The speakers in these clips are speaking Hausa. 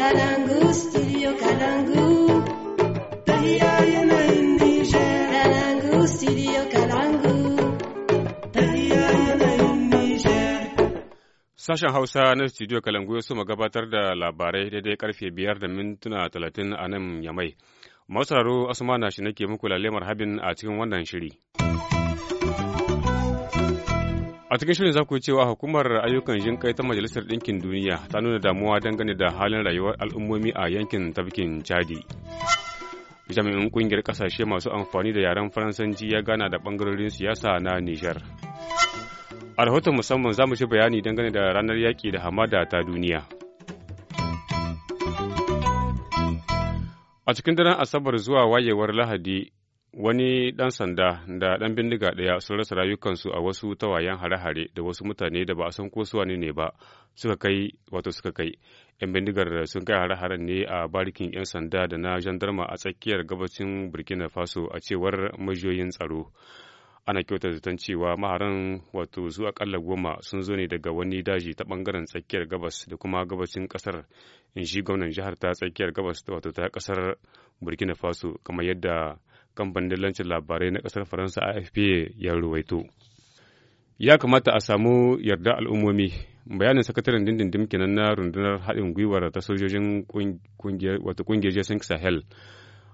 studio Sashen Hausa na studio Kalangu ya soma gabatar da labarai daidai karfe biyar da mintuna talatin a nan Yamai. Masu sauraro na shi nake muku lalemar habin a cikin wannan shiri. A cikin shirin za ku cewa hukumar ayyukan jinƙai ta Majalisar Ɗinkin Duniya ta nuna damuwa dangane da halin rayuwar al'ummomi a yankin tafkin Chadi. Jami'in ƙungiyar ƙasashe masu amfani da yaren Faransanci ya gana da ɓangarorin siyasa na Nijar. A rahoton musamman za mu shi bayani dangane da ranar yaƙi da hamada ta duniya. A cikin daren Asabar zuwa wayewar Lahadi, wani ɗan sanda da ɗan bindiga ɗaya sun rasa rayukansu a wasu tawayen hare-hare da wasu mutane da ba a san ko su wani ne ba suka kai wato suka kai yan bindigar sun kai hare-haren ne a barikin yan sanda da na jandarma a tsakiyar gabacin burkina faso a cewar majiyoyin tsaro ana kyauta zaton cewa maharan wato su akalla goma sun zo ne daga wani daji ta bangaren tsakiyar gabas da kuma gabacin kasar in shi gwamnan jihar ta tsakiyar gabas wato ta kasar burkina faso kamar yadda kamfanin dillancin labarai na ƙasar faransa afp ya ruwaito ya kamata a samu yarda al'ummomi bayanin sakataren dindindim kenan na rundunar haɗin gwiwar ta sojojin wata ƙungiyar jason sahel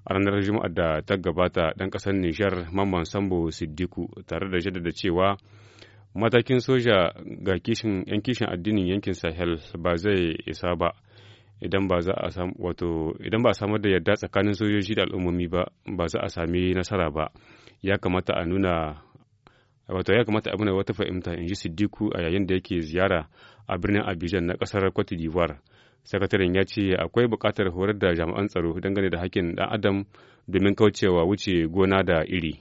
a ranar juma'ar da ta gabata ɗan ƙasar nijar mamman sambo siddiku tare da jaddada cewa matakin soja ga yan kishin addinin yankin sahel ba zai isa ba idan ba za a samu wato idan ba a samar da yadda tsakanin sojoji da al'ummomi ba ba za a sami nasara ba ya kamata a nuna wato ya kamata a nuna wata fahimta in ji Siddiku a yayin da yake ziyara a birnin Abidjan na kasar Cote d'Ivoire sakataren ya ce akwai buƙatar horar da jami'an tsaro dangane da hakkin ɗan adam domin kaucewa wuce gona da iri.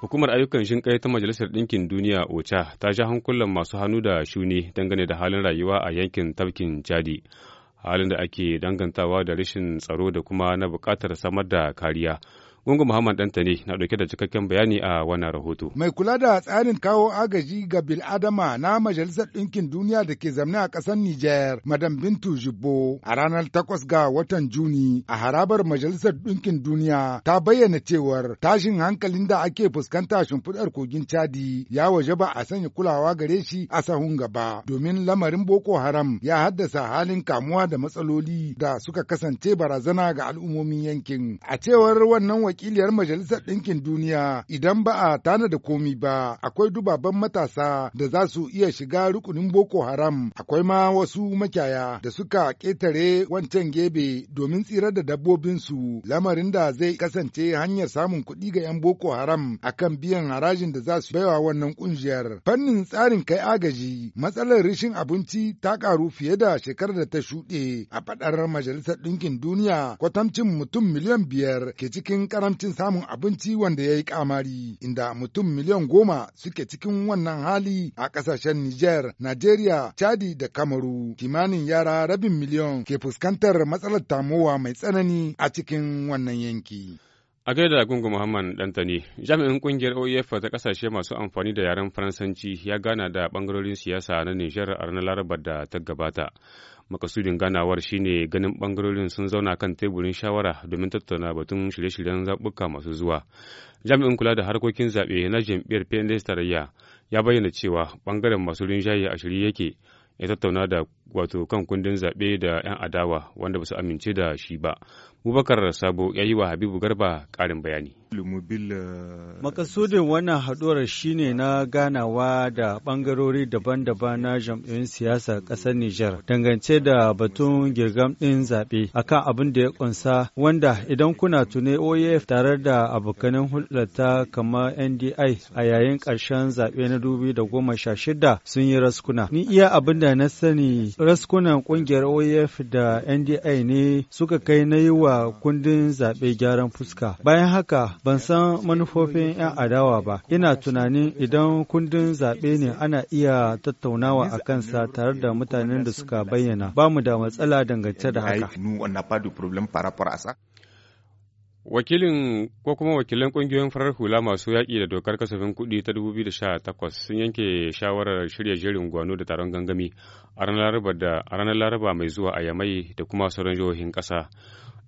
Hukumar ayyukan shinkai ta Majalisar Ɗinkin Duniya OCHA ta sha hankulan masu hannu da shuni dangane da halin rayuwa a yankin tafkin Chadi. Halin da ake dangantawa da rashin tsaro da kuma na buƙatar samar da kariya. Gungun Muhammad ne na ɗauke da cikakken bayani a wannan rahoto. Mai kula da tsarin kawo agaji ga Bil'adama na Majalisar Ɗinkin Duniya da ke zamne a ƙasar Nijar, Madam Bintu Jibbo, a ranar takwas ga watan Juni a harabar Majalisar Ɗinkin Duniya ta bayyana cewar tashin hankalin da ake fuskanta shimfiɗar kogin Chadi ya waje ba a sanya kulawa gare shi a sahun gaba domin lamarin Boko Haram ya haddasa halin kamuwa da matsaloli da suka kasance barazana ga al'ummomin yankin. A cewar wannan wakiliyar Majalisar Ɗinkin Duniya idan ba a tana da komi ba akwai dubaban matasa da za su iya shiga rukunin Boko Haram akwai ma wasu makyaya da suka ƙetare wancan gebe domin tsirar da dabbobinsu lamarin da zai kasance hanyar samun kuɗi ga 'yan Boko Haram akan biyan harajin da za su baiwa wannan ƙungiyar. Fannin tsarin kai agaji matsalar rishin abinci ta ƙaru fiye da shekarar da ta shuɗe a faɗar Majalisar Ɗinkin Duniya kwatamcin mutum miliyan biyar ke cikin ƙaran ƙarancin samun abinci wanda ya yi kamari, inda mutum miliyan goma suke cikin wannan hali a ƙasashen Nijar, Najeriya, Chadi da Kamaru. Kimanin yara rabin miliyan ke fuskantar matsalar tamowa mai tsanani a cikin wannan yanki. A gaida gungun Muhammad Dantani, jami'in kungiyar OEF ta kasashe masu amfani da yaren Faransanci ya gana da bangarorin siyasa na Nijar a ranar Larabar da ta gabata. Makasudin ganawar shine ganin bangarorin sun zauna kan teburin shawara domin tattauna batun shirye-shiryen zabuka masu zuwa. Jami'in kula da harkokin zaɓe na jam'iyyar PNDS tarayya ya bayyana cewa bangaren masu rinjaye a shirye yake ya tattauna da wato kan kundin zaɓe da 'yan adawa wanda ba su amince da shi ba. Bubakar Sabo ya yi wa Habibu Garba ƙarin bayani. Makasudin wannan haɗuwar shine na ganawa da ɓangarori daban-daban na jam'iyyun siyasa ƙasar Nijar dangance da batun girgam ɗin zaɓe akan abin da ya ƙunsa wanda idan kuna tune OAF tare da abokanin hulɗata kamar NDI a yayin ƙarshen zaɓe na 2016 sun yi raskuna. Ni iya abin da na sani raskunan kungiyar OEF da NDI ne suka kai na yi wa kundin zaɓe gyaran fuska. Bayan haka ban san manufofin 'yan adawa ba. Ina tunanin idan kundin zaɓe ne ana iya tattaunawa a kansa tare da mutanen da suka bayyana. Ba mu da matsala dangance da haka. Wakilin ko kuma wakilan ƙungiyoyin farar hula masu yaƙi da dokar kasafin kuɗi ta 2018 sun yanke shawarar shirya jerin gwano da taron gangami a ranar Laraba mai zuwa a Yamai da kuma sauran jihohin ƙasa.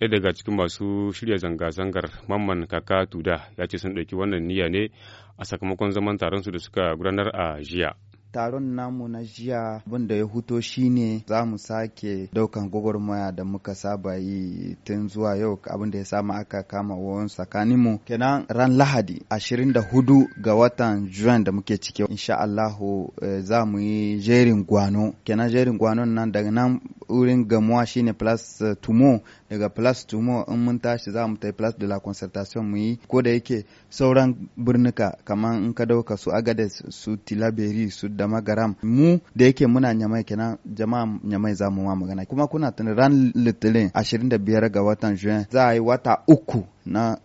Ɗaya daga cikin masu shirya zanga-zangar Mamman Kaka Tuda ya ce sun ɗauki wannan niyya ne a sakamakon zaman taron su da suka gudanar a jiya. taron namu na jiya abin da ya huto shine za mu sake daukan gwagwarmaya da muka saba yi tun zuwa yau abin da ya samu aka kama wawan tsakaninmu kenan ran lahadi 24 ga watan juan da muke ciki insha allahu eh, za mu yi jerin gwano kenan jerin gwanon nan daga nan wurin gamuwa shine plus tumo daga plus tumo in mun tashi za mu tai plus de la concertation mu yi ko da yake sauran birnuka kamar in ka dauka su agades su tilaberi su da magaram mu da yake muna nyamai kenan jama'a nyamai za mu ma magana kuma kuna tunan ran litinin 25 ga watan juin za a yi wata uku na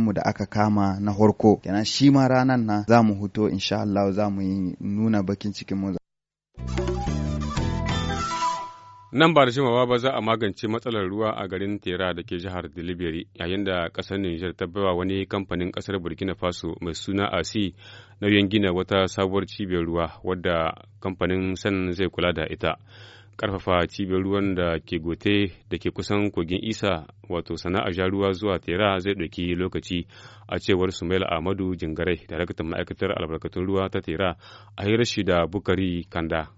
mu da aka kama na horko kenan shi ma ranan nan za mu huto insha Allah za mu yi nuna bakin cikin mu Nan ba da jimawa ba za a magance matsalar ruwa a garin Tera da ke jihar Delivery yayin da ƙasar Nijar ta bawa wani kamfanin ƙasar Burkina Faso mai suna ASI nauyin gina wata sabuwar cibiyar ruwa wadda kamfanin san zai kula da ita. karfafa cibiyar ruwan da ke gote da ke kusan kogin Isa wato sana'a jaruwa zuwa tera zai ɗauki lokaci a cewar sumail ahmadu jingarai daraktan ma'aikatar albarkatun ruwa ta tera a hirar da bukari kanda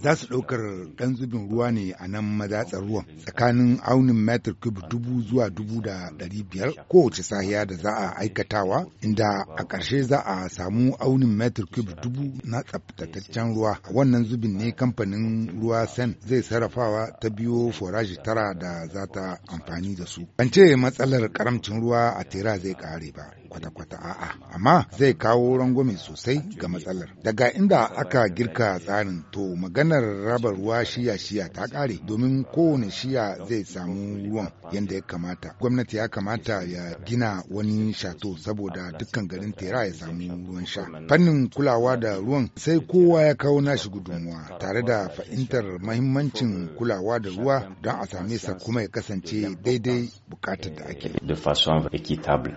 za su ɗaukar ɗan zubin ruwa ne a nan madatsar ruwan tsakanin aunin metar cube dubu zuwa dubu da ɗari biyar kowace sahiya da za a aikatawa inda a ƙarshe za a samu aunin metar cube dubu na tsaftataccen ruwa wannan zubin ne kamfanin ruwa sen zai sarrafawa ta biyo foraji tara da za ta amfani da su. An ce matsalar karamcin ruwa a tera zai kare ba. kwata-kwata a'a amma zai kawo rangwame sosai ga matsalar daga inda aka girka tsarin to maganar raba ruwa shiya-shiya ta kare domin kowane shiya zai samu ruwan yadda ya kamata gwamnati ya kamata ya gina wani shato saboda dukkan garin tera ya samu ruwan sha fannin kulawa da ruwan sai kowa ya kawo nashi gudunmuwa tare da fahimtar mahimmancin kulawa da ruwa don a same sa kuma ya kasance daidai bukatar da ake. De façon équitable.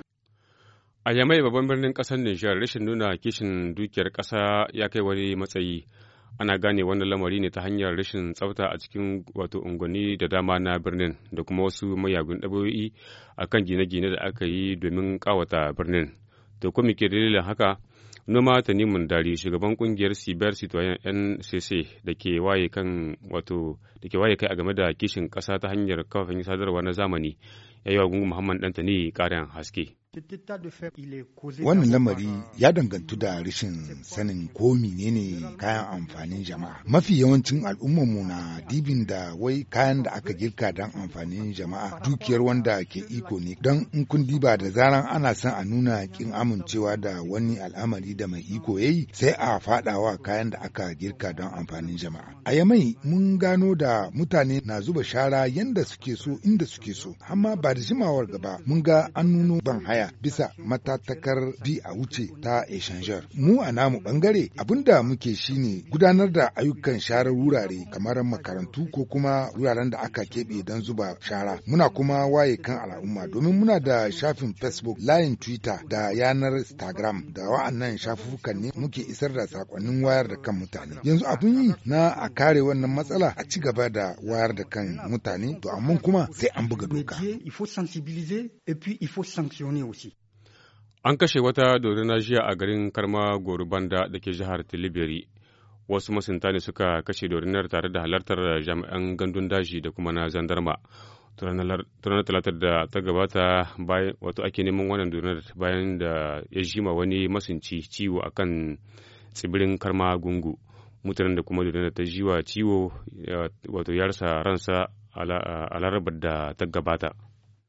A Yamai babban birnin kasar Nijar rashin nuna kishin dukiyar ƙasa ya kai wani matsayi. Ana gane wani lamari ne ta hanyar rashin tsafta a cikin wato unguwanni da dama na birnin da kuma wasu mayagun ɗabi'o'i a kan gine-gine da aka yi domin kawata birnin. To kuma ke dalilin haka Noma ta nimun Dari shugaban kungiyar Cibiyar Citoyen NCC da ke waye kai a game da kishin ƙasa ta hanyar kafafen sadarwa na zamani ya yi wa Gungun Muhammad Ɗantani ƙarin haske. Wannan lamari ya dangantu da rashin sanin ko ne kayan amfanin jama'a. Mafi yawancin al'ummarmu na dibin da wai kayan da aka girka don amfanin jama'a dukiyar wanda ke iko ne. Don in kun diba da zaran ana son a nuna kin amincewa da wani al'amari da mai iko ya yi sai a fadawa kayan da aka girka don amfanin jama'a. A yamai mun gano da mutane na zuba shara yanda suke so inda suke so. Amma ba da jimawar gaba mun ga an nuno ban haya daya bisa matatakar bi a wuce ta eshanjar. Mu a namu bangare abinda muke shine gudanar da ayyukan sharar wurare kamar makarantu ko kuma wuraren da aka keɓe don zuba shara. Muna kuma waye kan al'umma domin muna da shafin Facebook, layin Twitter da yanar Instagram da wa'annan shafuffukan ne muke isar da sakonnin wayar da kan mutane. Yanzu abun yi na a kare wannan matsala a ci gaba da wayar da kan mutane to amma kuma sai an buga doka. Il faut sensibiliser et puis il faut sanctionner aussi. An kashe wata dodona jiya a garin Karma Gorubanda da ke jihar Tilibiri. Wasu masunta ne suka kashe dorinar tare da halartar jami'an gandun daji da kuma na zandarma. Tunanar talatar da ta gabata wato ake neman wannan dorinar bayan da ya jima wani masunci ciwo a kan tsibirin Karma Gungu. mutanen da kuma dorinar ta jiwa ciwo wato yarsa ransa a larabar da ta gabata.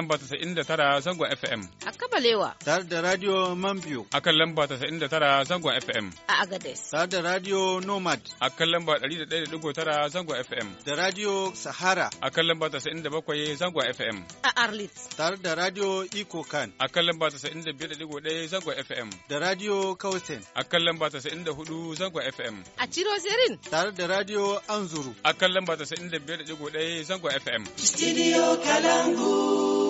lamba ta sa'in da tara zangon FM. A Kabalewa. Tare da Radio Mambiyo. A kan lamba ta sa'in da tara zangon FM. A Agades. Tare da Radio Nomad. A kan lamba ɗari da da ɗaya ɗigo tara zangon FM. Da Radio Sahara. A kan lamba ta sa'in da bakwai zangon FM. A Arlit. Tare da Radio Iko Kan. A kan lamba ta sa'in da da biyar ɗigo ɗaya zangon FM. Da Radio Kausen. A kan lamba ta sa'in da hudu zangon FM. A Ciro Zerin. Tare da Radio Anzuru. A kan lamba ta sa'in da da biyar ɗigo ɗaya zangon FM. Studio Kalangu.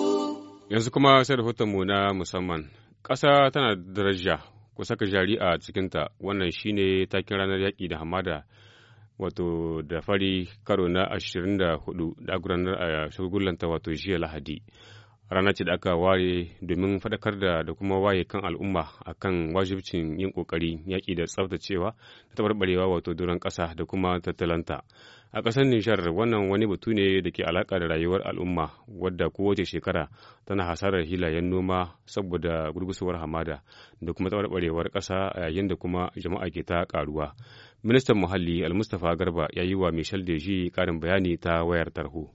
Yanzu kuma sai rahotonmu na musamman. Ƙasa tana daraja ku saka jari a cikinta wannan shine takin ranar yaƙi da hamada wato da fari karo na ashirin da hudu gudanar a shagulanta wato jiya lahadi. rana ce da aka ware domin faɗakar da da kuma waye kan al'umma a kan wajibcin yin ƙoƙari yaƙi da tsaftacewa da tabarbarewa wato duran ƙasa da kuma tattalanta a ƙasar nishar wannan wani batu ne da ke alaƙa da rayuwar al'umma wadda kowace shekara tana hasarar hilayen noma saboda gurgusuwar hamada da kuma tabarbarewar ƙasa a yayin da kuma jama'a ke ta ƙaruwa Ministan Muhalli Almustapha Garba ya yi wa Michel Deji ƙarin bayani ta wayar tarho.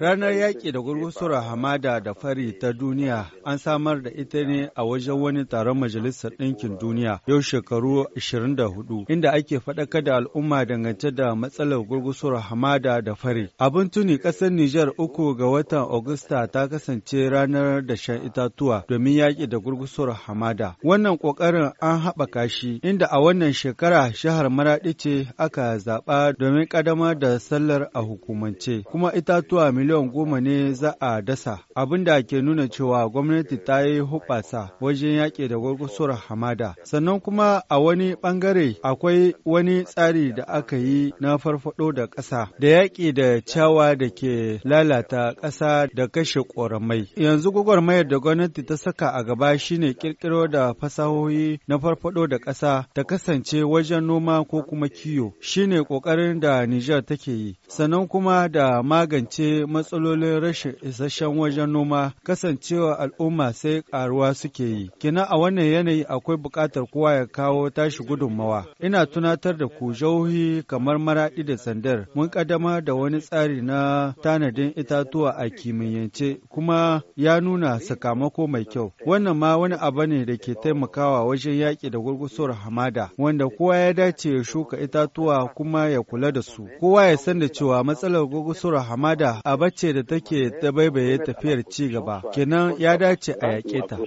Ranar yaƙi da gurgusura hamada da fari ta duniya an samar da ita ne a wajen wani taron Majalisar Ɗinkin Duniya yau shekaru 24 inda ake faɗaka da al'umma dangance da matsalar gurgusura hamada da fari. Abin tuni ƙasar Nijar uku ga watan Agusta ta kasance ranar da shan itatuwa domin yaƙi da gurgusura hamada. Wannan ƙoƙarin an haɓaka shi, inda a wannan shekara shahar Maraɗi ce aka zaɓa domin ƙaddamar da sallar a hukumance, kuma itatuwa miliyan goma ne za a dasa, abin da ke nuna cewa gwamnati ta yi huɓasa wajen yaƙi da gwargwasuwar hamada. Sannan kuma a wani ɓangare akwai wani tsari da aka yi na farfaɗo da ƙasa, da yaƙi da ciyawa da ke lalata ƙasa da kashe ƙoramai. Yanzu gwagwarmayar da gwamnati ta saka a gaba shine ƙirƙiro da fasahohi na farfado da ƙasa ta kasance wajen noma ko kuma kiyo shine ƙoƙarin da Nijar take yi, sannan kuma da magance matsalolin rashin isasshen wajen noma kasancewa al'umma sai ƙaruwa suke yi. Kina a wannan yanayi akwai buƙatar kowa ya kawo tashi gudunmawa. Ina tunatar da ku jauhi kamar maraɗi da sandar mun ƙaddama da wani tsari na tanadin itatuwa a kimiyyance kuma ya nuna sakamako mai kyau. Wannan ma wani abu ne da ke taimakawa wajen yaƙi da gurgusuwar hamada wanda kowa ya dace ya shuka itatuwa kuma ya kula da su. Kowa ya san da cewa matsalar gurgusuwar hamada a bace da take ta baibaye tafiyar ci gaba. Kenan ya dace a yaƙe ta.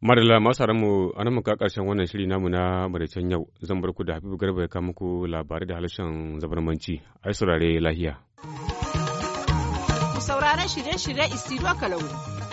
Madalla masu haramu a nan muka karshen wannan shiri namu na maraicen yau zan barku da Habibu Garba ya kawo muku labarai da halashen zabarmanci. Ai saurare lahiya. Ku saurare shirye-shirye Isidro Kalangu.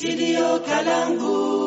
Studio Kalangu.